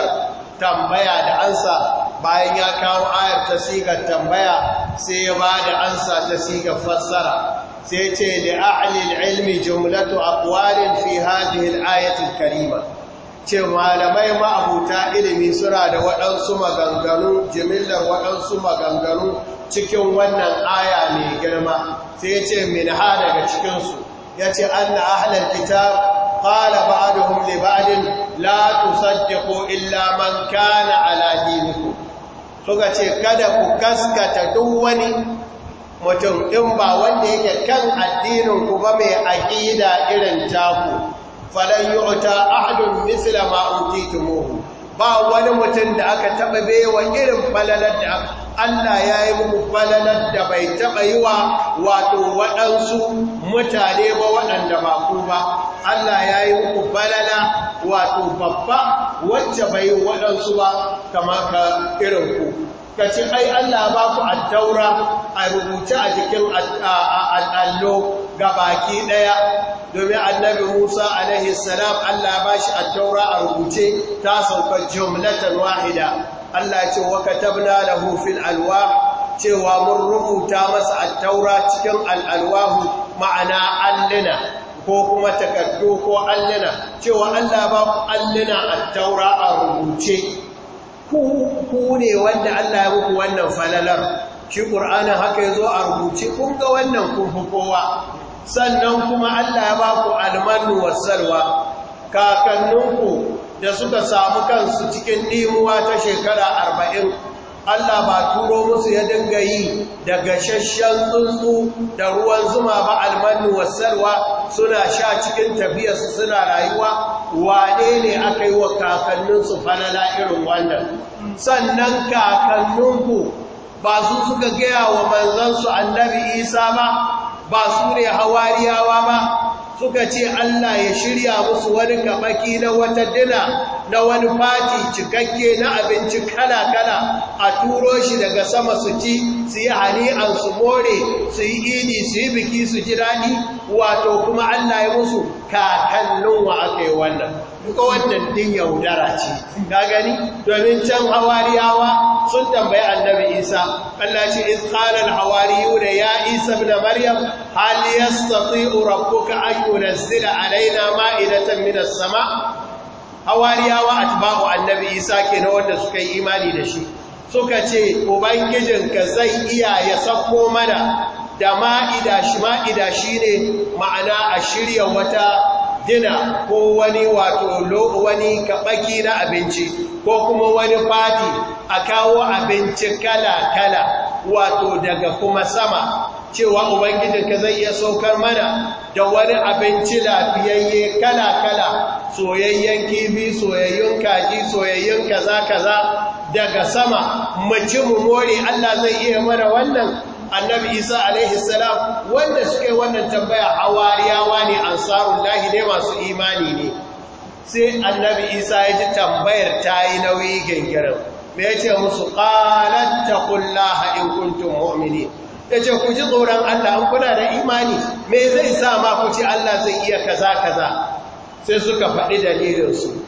tambaya da ansa bayan ya kawo ayar ta sigar tambaya sai ya ba da ansa ta sigar fassara sai ce da ahlil ilmi jumlatu aqwalin fi hadhihi al-ayati karima ce malamai ma'abuta ilimi suna da waɗansu maganganu jimillar waɗansu maganganu cikin wannan aya mai girma sai ce min ha daga cikinsu ya ce an ahlal ahalar kitab ƙala ba'aduhum li ba'din la tusaddiqu illa man kana ala dinikum suka ce kada ku kaskata duk wani mutum in ba wanda yake kan addinin ku ba mai aqida irin taku falan yu'ta ahadun misla ma ba wani mutum da aka taba baiwa irin falalar da Allah ya yi muku falalar da bai taba yi wa wato waɗansu mutane ba waɗanda ba ku ba Allah ya yi muku falala wato babba wacce bai waɗansu ba kamar ka irin ku ka ce ai Allah ba ku addaura a rubuce a jikin allo ga baki ɗaya domin annabi Musa alaihi salam Allah ba shi addaura a rubuce ta sauka jumlatan wahida Allah ce wa katabna lahu fil alwah cewa mun rubuta masa addaura cikin al'alwahu ma'ana allina ko kuma takaddu ko allina cewa Allah ba ku allina addaura a rubuce ku ne wanda Allah ya muku wannan falalar shi ƙur'anin haka ya zo a rubuce kun ga wannan kun kowa sannan kuma Allah ya ba ku almanu wasalwa kakanninku da suka samu kansu cikin nimuwa ta shekara arba'in Allah ba turo musu ya dinga yi da gashashen tsuntsu da ruwan zuma ba almanu wasarwa suna sha cikin tafiyarsu suna rayuwa wane ne aka yi wa kakanninsu falala irin wannan sannan kakanninku ba su suka gaya wa manzansu annabi isa ba ba su ne hawariyawa ba suka ce Allah ya shirya musu wani kamaki na wata dina na wani fati cikakke na abinci kala-kala a turo shi daga sama su ci su yi an su more su yi ini su yi biki su ji daɗi wato kuma Allah ya musu kakannin wa aka yi wannan kuka wannan din yaudara ce ka gani domin can hawariyawa sun tambayi annabi isa Allah ce tsarin qala al hawariyuna ya isa ibn maryam hal yastati'u rabbuka an yunzila alaina ma'idatan min as-sama hawariyawa atba'u annabi isa kenan wanda suka yi imani da shi suka ce ubangijin ka zai iya ya sako mana da ma'ida shi ma'ida shine ma'ana a shirya wata dina ko wani wato wani kaɓaki na abinci ko kuma wani fati a kawo abinci kala-kala wato daga kuma sama cewa ka zai iya saukar mana da wani abinci lafiyayye kala-kala soyayyen kifi soyayyen kaji soyayyen kaza-kaza daga sama mace mu more Allah zai iya mana wannan annabi isa alaihi salam wanda suke wannan tambaya hawariyawa ne ansarun lahi ne masu imani ne sai annabi isa ya ji tambayar ta yi nauyi gangirin me ya ce musu ƙalatta kulla haɗin kuntun mu'mini ya ce ku ji tsoron allah in kuna da imani me zai sa ma ku ce allah zai iya kaza kaza sai suka faɗi dalilinsu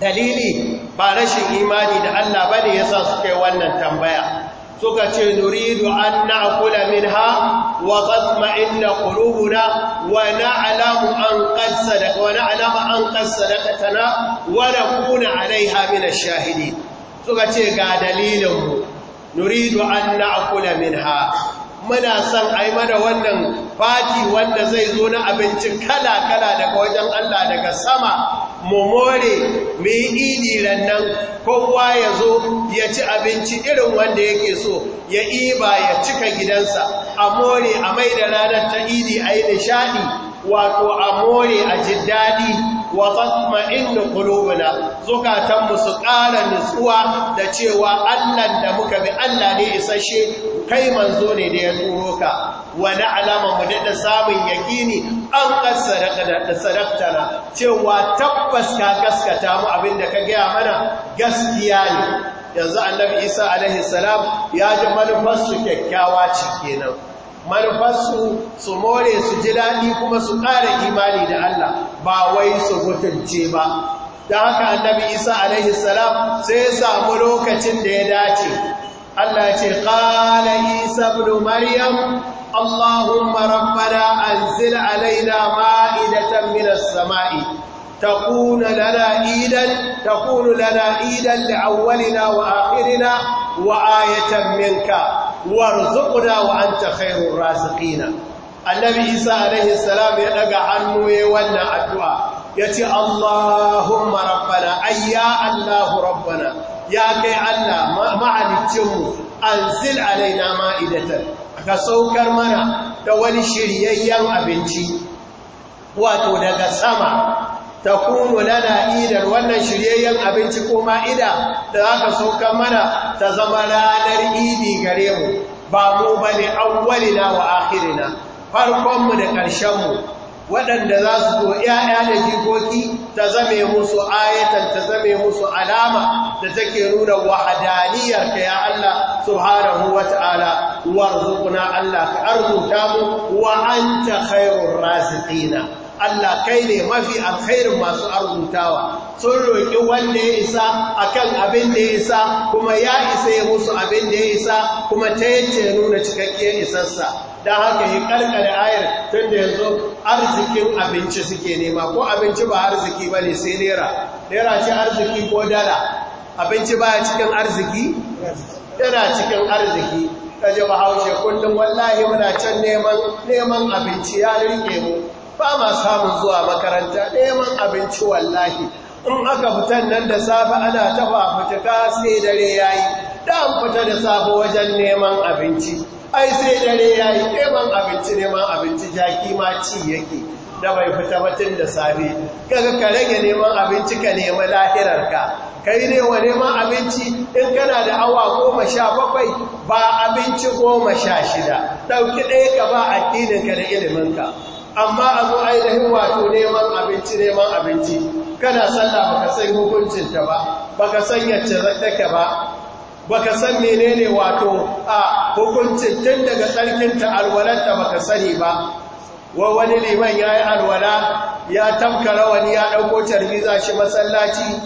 dalili ba rashin imani da allah ba ne ya sa suka yi wannan tambaya suka ce nuridu an na'kula minha wa qad ma'inna qulubuna wa na'lamu an qad sadaqa wa na'lamu an qad sadaqatana wa nakuna 'alayha min ash suka ce ga dalilin nuridu an min minha muna son ai mana wannan fati wanda zai zo na abinci kala-kala daga wajen Allah daga sama mu more mu yi idi rannan kowa ya zo ya ci abinci irin wanda yake so ya iba ya cika gidansa a more a mai da ranar ta idi a yi nishaɗi wato a more a ji wa tatma'innu qulubuna zukatanmu su ƙara nutsuwa da cewa Allah da muka bi Allah ne isashe kai manzo ne da ya turo ka wa alama mu da samun yakini an kasara da sadaktana cewa tabbas ka gaskata mu abinda ka gaya mana gaskiya ne yanzu annabi Isa alaihi salam ya ji manufarsu kyakkyawa ce kenan manufarsu su more su ji daɗi kuma su ƙara imani da Allah ba wai su mutunce ba da haka annabi isa alaihi salam sai ya samu lokacin da ya dace Allah ce qala isa ibn maryam allahumma rabbana anzil alaina ma'idatan minas sama'i تكون لنا عيدا تكون لنا عيدا لأولنا وآخرنا وآية منك وارزقنا وأنت خير الرازقين annabi isa alaihi salam ya daga hannu ya wannan addu'a ya ce allahumma rabbana ayya allahu rabbana ya kai allah ma'alicinmu ansil alaina ma'idatar ka saukar mana da wani shiryayyen abinci wato daga sama ta kuno lana na'idar wannan shiryayyen abinci ko ma'ida da za ka saukar mana ta zama ranar idi gare mu ba mu ba ne walina wa akhirina farkonmu da ƙarshenmu waɗanda za su zo ‘ya'ya da jikoki ta zame musu ayatan ta zame musu alama da take nuna wahadaniyar ka ya Allah subhanahu wa ta'ala zukuna Allah ka arzuta mu wa ta khairun rasitina Allah kai ne mafi alkhairin masu arzutawa sun roƙi wanda ya isa akan abin da ya isa kuma ya isa ya musu abin da ya isa kuma ta yance nuna cikakken isarsa Da haka yi ƙarƙar ayar tun da yanzu arzikin abinci suke nema ko abinci ba arziki ba ne sai nera. Nera ce arziki ko dala abinci ba cikin arziki yana cikin arziki ta bahaushe kullum wallahi muna can neman abinci ya rike mu ba ma samun zuwa makaranta neman abinci wallahi in aka fitan nan da safe ana tafa k'a sai dare yayi da fita da safe wajen neman abinci ai sai dare ya yi neman abinci neman abinci jaki ma ci yake da bai fita batun da safe kaga ka rage neman abinci ka nemi lahirarka Ka ne wa neman abinci in kana da awa goma sha bakwai ba abinci goma sha shida ɗauki ɗaya ka ba addininka da iliminka amma a zo ainihin wato neman abinci neman abinci kana sallah baka san hukuncinta ba baka san yacce take ba Ba ka san menene wato a hukuncin tun daga tsarkinta alwalarta ka sani ba wa wani liman ya yi alwala ya tamkara rawani ya ɗauko za shi masallaci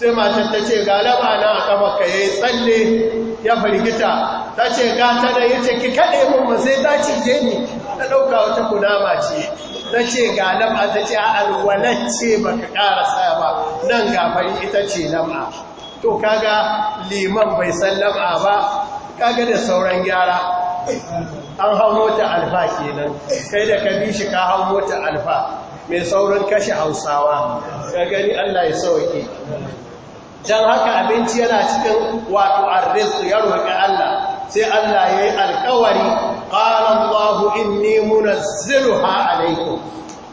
sai matar ta ce galaba na a kamaka ya yi tsalle ya firgita ta ce gata da ya ce ki kaɗe mun ba sai ta je ni ta ɗauka wata kunama ce ta ce galaba ta ce a alwalar ce ƙara sa ba nan gafari ita ce nama to kaga liman bai sallama ba kaga da sauran gyara an hau mota alfa kenan kai da ka bi shi ka hau mota alfa mai sauran kashe hausawa ka gani Allah ya sauke Don haka abinci yana cikin wato arzikin ya roƙi Allah sai Allah ya yi alƙawari qala Allahu inni munazziluha alaikum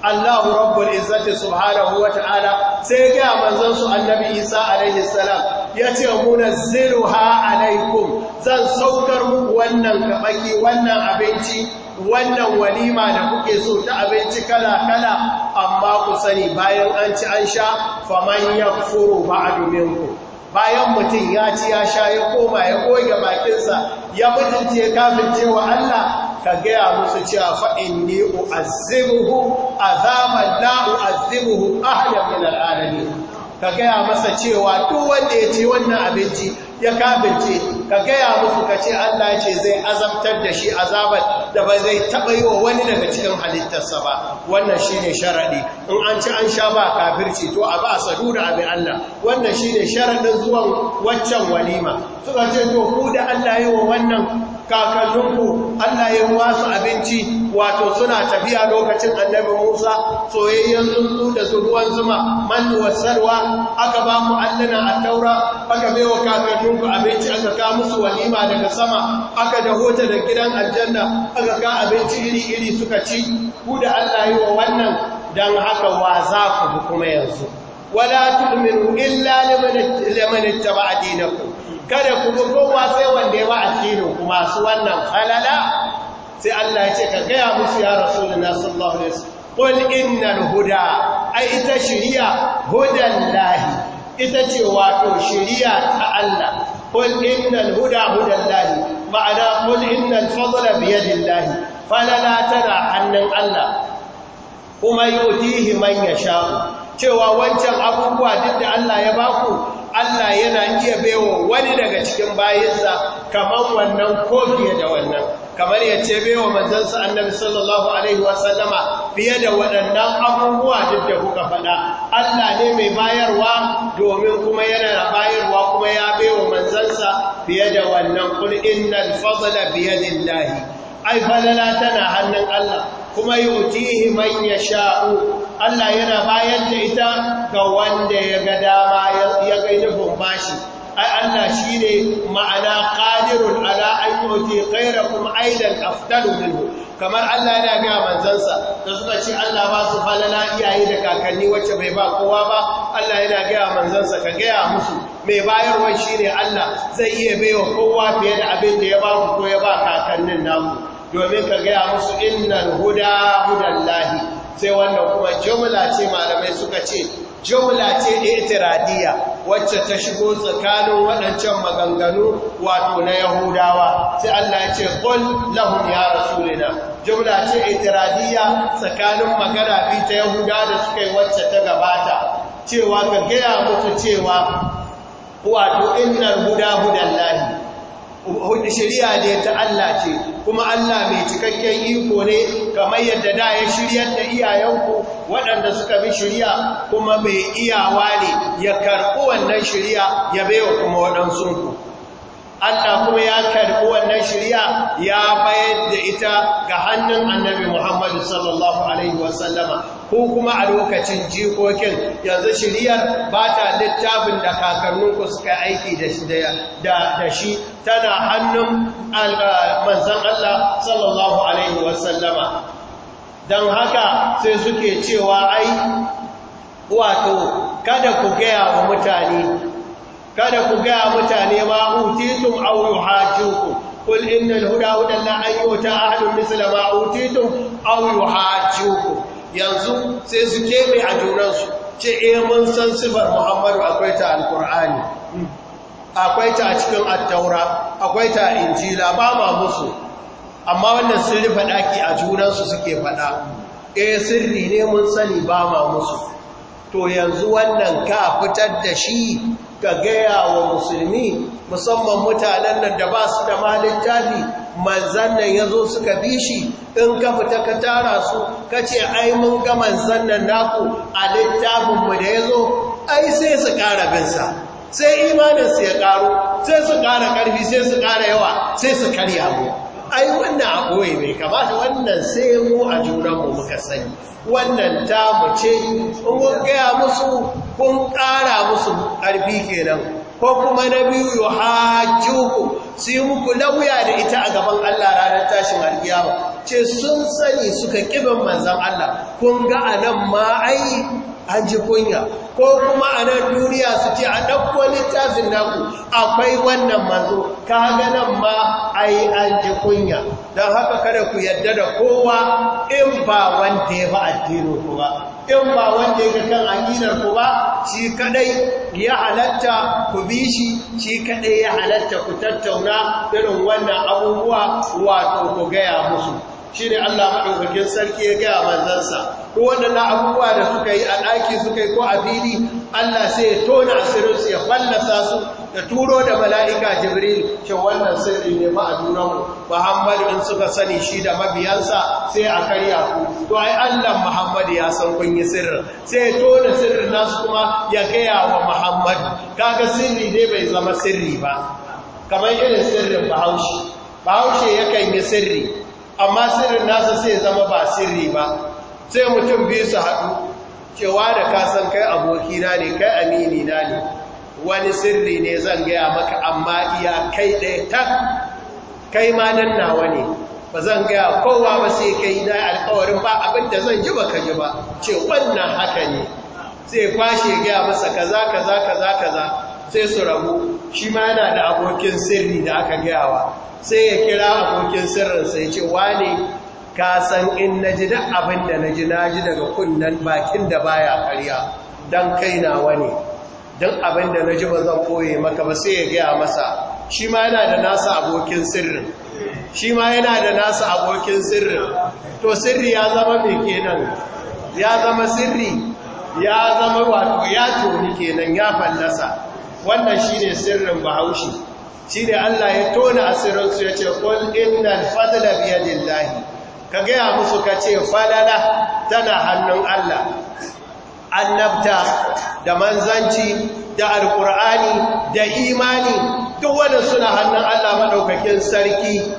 Allah rabbul izzati subhanahu wa ta'ala sai ga manzansu annabi Isa alaihi salam ya ce ha alaikum zan saukar muku wannan kabaki wannan abinci wannan walima da kuke so ta abinci kala-kala amma ku sani bayan an ci an sha faman ya furo ba a dominku bayan mutum ya ci ya sha ya koma ya goge bakinsa ya mutunce kafin cewa Allah ka gaya musu cewa fa'in ne u'azzibuhu azaman a ahalar min al'adami ka gaya masa cewa duk wanda ya ce wannan abinci ya kafince, ka gaya musu ka ce Allah ce zai azabtar da shi azabar da ba zai taɓa yi wa wani daga cikin halittarsa ba wannan shi ne sharaɗi in an ci an sha ba kafirci to a ba sadu da abin Allah wannan shi ne sharaɗin zuwan waccan walima suka ce to ku da Allah yi wa wannan kakanninku Allah ya wasu abinci wato suna tafiya lokacin annabi Musa soyayyen tsuntsu da su ruwan zuma man wasarwa aka ba mu annana a taura aka bai wa kakanninku abinci aka ka musu walima daga sama aka da ta da gidan aljanna aka ka abinci iri-iri suka ci ku da Allah yi wa wannan don haka wa za ku kuma yanzu wala tu'minu illa liman ittaba'a dinakum kada ku kowa sai wanda ya wa addinin ku masu wannan falala sai Allah ya ce ka gaya musu ya rasulullah sallallahu alaihi wasallam qul innal huda a ita shiriya hudan lahi ita ce wato shiriya ta Allah qul innal huda hudan lahi ma'ana qul innal fadla bi lahi. falala tana hannun Allah kuma yutihi manya yasha cewa wancan abubuwa duk da Allah ya baku Allah yana iya baiwa wani daga cikin bayinsa kamar wannan ko fiye da wannan kamar ya ce baiwa manzansa annabi sallallahu alaihi wasallama fiye da waɗannan abubuwa duk da kuka faɗa Allah ne mai bayarwa domin kuma yana bayarwa kuma ya baiwa manzansa fiye da wannan kul innal fadla biyadillahi ai falala tana hannun Allah kuma yutihi man yasha'u Allah yana bayan da ita ga wanda ya ga dama ya ga nufin bashi ai Allah shine ma'ana qadirun ala an yuti khayrakum aidan afdalu minhu kamar Allah yana ga manzansa da suka ce Allah ba su falala iyaye da kakanni wacce bai ba kowa ba Allah yana ga manzansa ka gaya musu mai bayarwa shine Allah zai iya baiwa kowa fiye da abin da ya ba ku ko ya ba kakannin namu domin ka gaya musu innan huda lahi, sai wannan kuma jumla ce malamai suka ce jumla ce itiradiya wacce ta shigo tsakanin waɗancan maganganu wato na yahudawa sai Allah ya ce qul lahum ya rasulina jumla ce itiradiya tsakanin magana bi ta yahuda da suka yi wacce ta gabata cewa ka gaya musu cewa wato innan huda lahi. shari'a da ta Allah ce kuma Allah mai cikakken iko ne kamar yadda da ya shiryar da iyayenku waɗanda suka bi shari'a kuma mai iyawa ne ya karɓi wannan shari'a ya baiwa kuma waɗansunku Allah kuma ya karɓi wannan shari'a ya bayar da ita ga hannun annabi Muhammadu sallallahu alaihi wasallama ko kuma a lokacin jikokin yanzu shiriyar ba ta littafin da kakanninku suka aiki da shi tana hannun manzan Allah sallallahu Alaihi wasallama don haka sai suke cewa ai wato kada ku gaya wa mutane kada ku gaya mutane ma utitum au yuhajukum qul innal huda hudan la ayyuta ahadun misla ma utitum aw yanzu sai su keɓe a junansu ce e mun san sifar muhammadu akwai ta alkur'ani akwai ta cikin attaura akwai ta injila ba ma musu amma wannan sirri ɗaki a junansu suke faɗa e sirri ne mun sani ba ma musu to yanzu wannan ka fitar da shi ga gaya wa musulmi musamman mutanen nan da ba su da malin tafi manzan nan ya zo suka bi shi in ka fita ka tara su ka ce ai mun ga manzan nan naku a littafinmu da ya zo ai sai su ƙara binsa sai imaninsu ya ƙaru sai su ƙara ƙarfi sai su ƙara yawa sai su karya mu ai wannan akwai ɓoye mai kamata wannan sai mu a junanmu muka sani wannan ta mu ce in kun gaya musu kun ƙara musu ƙarfi kenan ko kuma na biyu yi uku su yi muku lauya da ita a gaban Allah ranar tashin alkiyawa ce sun sani suka kibin manzan Allah kun ga anan ma ai an ji kunya ko kuma a nan duniya su ce a ɗauko littafin naku akwai wannan manzo ka ganin ma a yi an ji kunya don haka kada ku yadda da kowa in ba wanda ya ba addinin ku ba in ba wanda ya kan aƙidar ku ba shi kadai ya halatta ku bi shi shi kadai ya halatta ku tattauna irin wannan abubuwa wato ku gaya musu shi ne Allah maɗaukakin sarki ya gaya manzansa ko waɗanda abubuwa da suka yi a ɗaki suka yi ko a fili Allah sai ya tona asirinsu ya fallasa su da turo da mala'ika jibril shi wannan sirri ne ma a muhammadu in suka sani shi da mabiyansa sai a karya ku to ai Allah muhammadu ya san kun yi sirri? sai ya tona sirrin nasu kuma ya gaya wa muhammadu kaga sirri ne bai zama sirri ba kamar irin sirrin bahaushe bahaushe yakan yi sirri amma sirrin nasa sai zama ba sirri ba sai mutum biyu su haɗu cewa da kasan kai abokina ne kai amini na ne wani sirri ne zan gaya maka amma iya kai ɗaya tak kai ma nan nawa ne ba zan gaya kowa ba sai kai na alkawarin ba abinda zan ji ba ka ji ba ce wannan haka ne sai kwashe gaya masa kaza kaza kaza kaza sai su rabu shi ma yana da abokin sirri da aka gaya wa. sai ya kira abokin sirrinsa ya ce ne? ka san in na ji duk abin da na ji na ji daga kunnen bakin da baya karya don kai na wani don abin da na ji ba zan koye maka ba sai ya gaya masa shi ma yana da nasa abokin sirrin shi ma yana da nasa abokin sirrin to sirri ya zama mai kenan ya zama sirri ya zama wato ya toni kenan ya fallasa wannan shi ne sirrin bahaushe shi ne Allah ya tona asirinsu ya ce ƙul innal fadla lillahi, ka gaya musu ka ce falala tana hannun Allah annabta da manzanci da alkur'ani da imani duk wani suna hannun Allah maɗaukakin sarki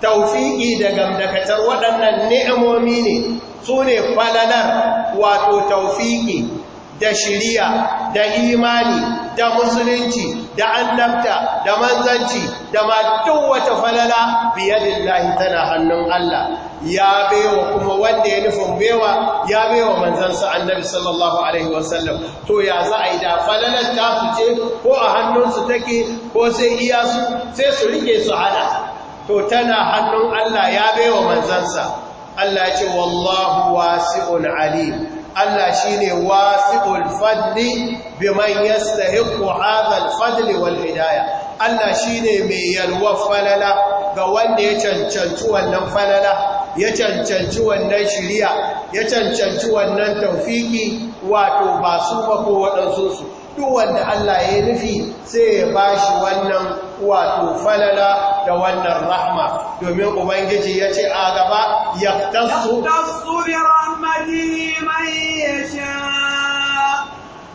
taufiƙi da gamdakatar waɗannan ni'imomi ne su ne falalar wato taufiƙi da shiriya da imani da musulunci da annabta da manzanci da ma wata falala biyadillahi tana hannun Allah ya baiwa kuma wanda ya nufin baiwa ya baiwa manzansa annabi sallallahu alaihi wasallam to ya za a yi da falalar ta fice ko a hannunsu take ko sai iya su sai su rike su hada to tana hannun Allah ya baiwa manzansa Allah ya ce wallahu wasi'un alim Allah shine wasiul fadli biman yastahiqu hadha al-fadli wal hidayah Allah shine mai yalwa falala ga wanda ya cancanci wannan falala ya cancanci wannan shiriya ya cancanci wannan tawfiki wato ba su ba ko waɗansu su duk wanda Allah ya nufi sai ya ba shi wannan wato falala da wannan rahma domin ubangiji ya ce a gaba ya tasu bi rahmatihi man sha,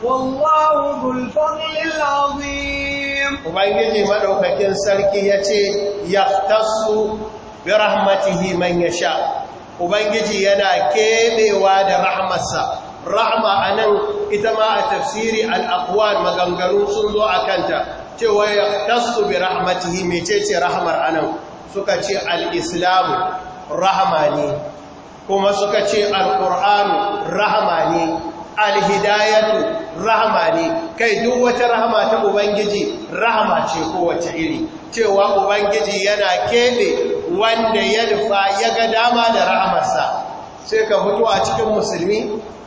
wallahu dhul fadlil azim ubangiji madaukakin sarki ya ce ya tasu bi rahmatihi man yasha ubangiji yana kebewa da rahmarsa rahma anan ita ma a tafsiri al maganganu sun zo kanta, cewa ya tasu bi rahmatihi mecece rahmar anan suka ce al-islam rahma ne kuma suka ce al rahma ne Al'hidayatu, rahma ne kai duk wata rahma ta ubangiji rahma ce kowace iri cewa ubangiji yana kebe wanda ya nufa ya ga dama da rahamarsa sai ka fito a cikin musulmi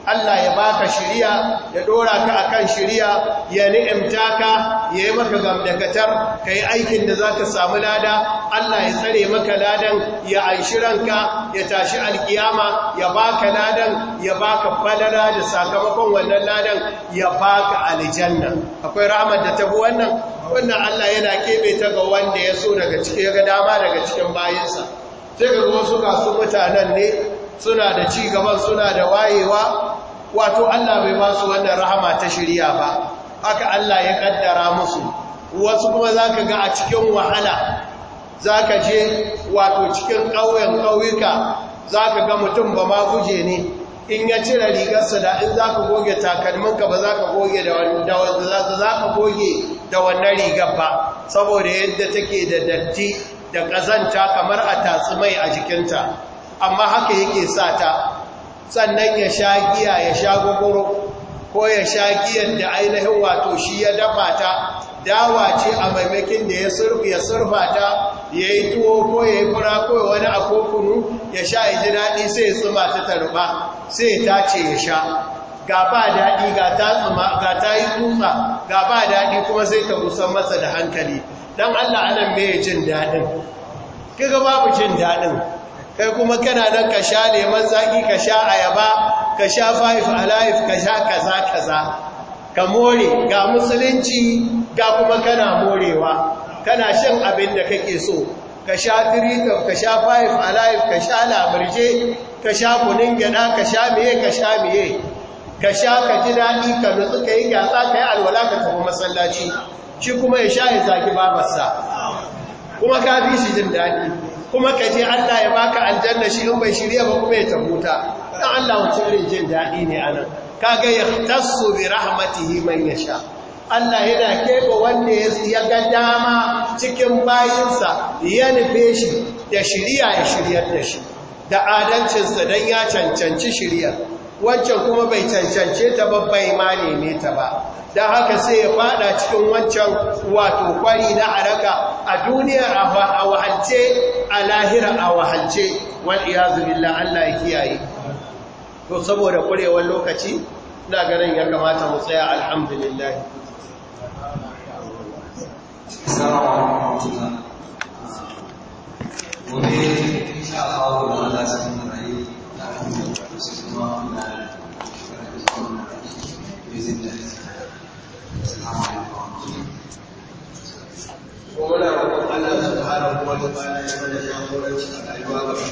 Allah ya baka shiriya ya dora ka akan shiriya ya ni'imta ka ya yi maka gamdakatar ka yi aikin da za ka samu lada Allah ya tsare maka ladan ya aishi ranka ya tashi alkiyama ya baka ladan ya baka falala da sakamakon wannan ladan ya baka aljanna akwai rahmat da tafi wannan wannan Allah yana keɓe ta ga wanda ya so daga cikin ga dama daga cikin bayinsa sai ga wasu kasu mutanen ne suna da ci gaba, suna da wayewa wato Allah bai ba su wannan rahama ta shirya ba haka Allah ya kaddara musu wasu kuma zaka ga a cikin wahala zaka je wato cikin ƙauyen ƙauyuka zaka ga mutum ba ma guje ne in ya cire rigarsa da in zaka goge takalminka ba zaka goge da zaka goge da wannan rigar ba saboda yadda take da datti da ƙazanta kamar a tatsi mai a jikinta amma haka yake sa ta sannan ya sha giya ya sha gogoro ko ya sha giyan da ainihin wato shi ya dafa ta dawa ce a maimakin da ya surfa ya surfa ta ya yi tuwo ko ya yi fura ko ya wani a ya sha ya ji daɗi sai ya tsuma ta tarba sai ya tace ya sha ga ba daɗi ga ta tsuma ga ta yi tuma ga ba daɗi kuma sai ta busan masa da hankali don allah anan mai jin daɗin kaga babu jin daɗin kai kuma kana nan ka sha leman zaƙi, ka sha ayaba ka sha five alive ka sha kaza kaza ka more ga musulunci ga kuma kana morewa kana shan abin da kake so ka sha tirikam ka sha five alive ka sha labarje ka sha kunin gada ka sha miye ka sha miye ka sha ka ji daɗi ka nutsu ka yi gasa ka yi alwala ka tafi masallaci shi kuma ya sha ya zaki babarsa kuma ka fi shi jin daɗi kuma ka je Allah ya baka aljanna shi in bai shirya ba kuma ya tabuta dan Allah mutum ne jin daɗi ne anan kaga yahtassu bi rahmatihi man yasha Allah yana keɓe wanda ya ga dama cikin bayinsa ya nufe shi da shirya ya shiryar da shi da adalcinsa don ya cancanci shiryar. wancan kuma bai cancance ta babbai ma neme ta ba da haka sai ya fada cikin wancan wato kwari na haraka a duniya a wahalce a lahira a wahalce wani billah Allah ya kiyaye to saboda kurewar lokaci ina ganin ya kamata mu tsaya alhamdulillah Kuma muna roƙon Allah subhanahu wa ta'ala ya mana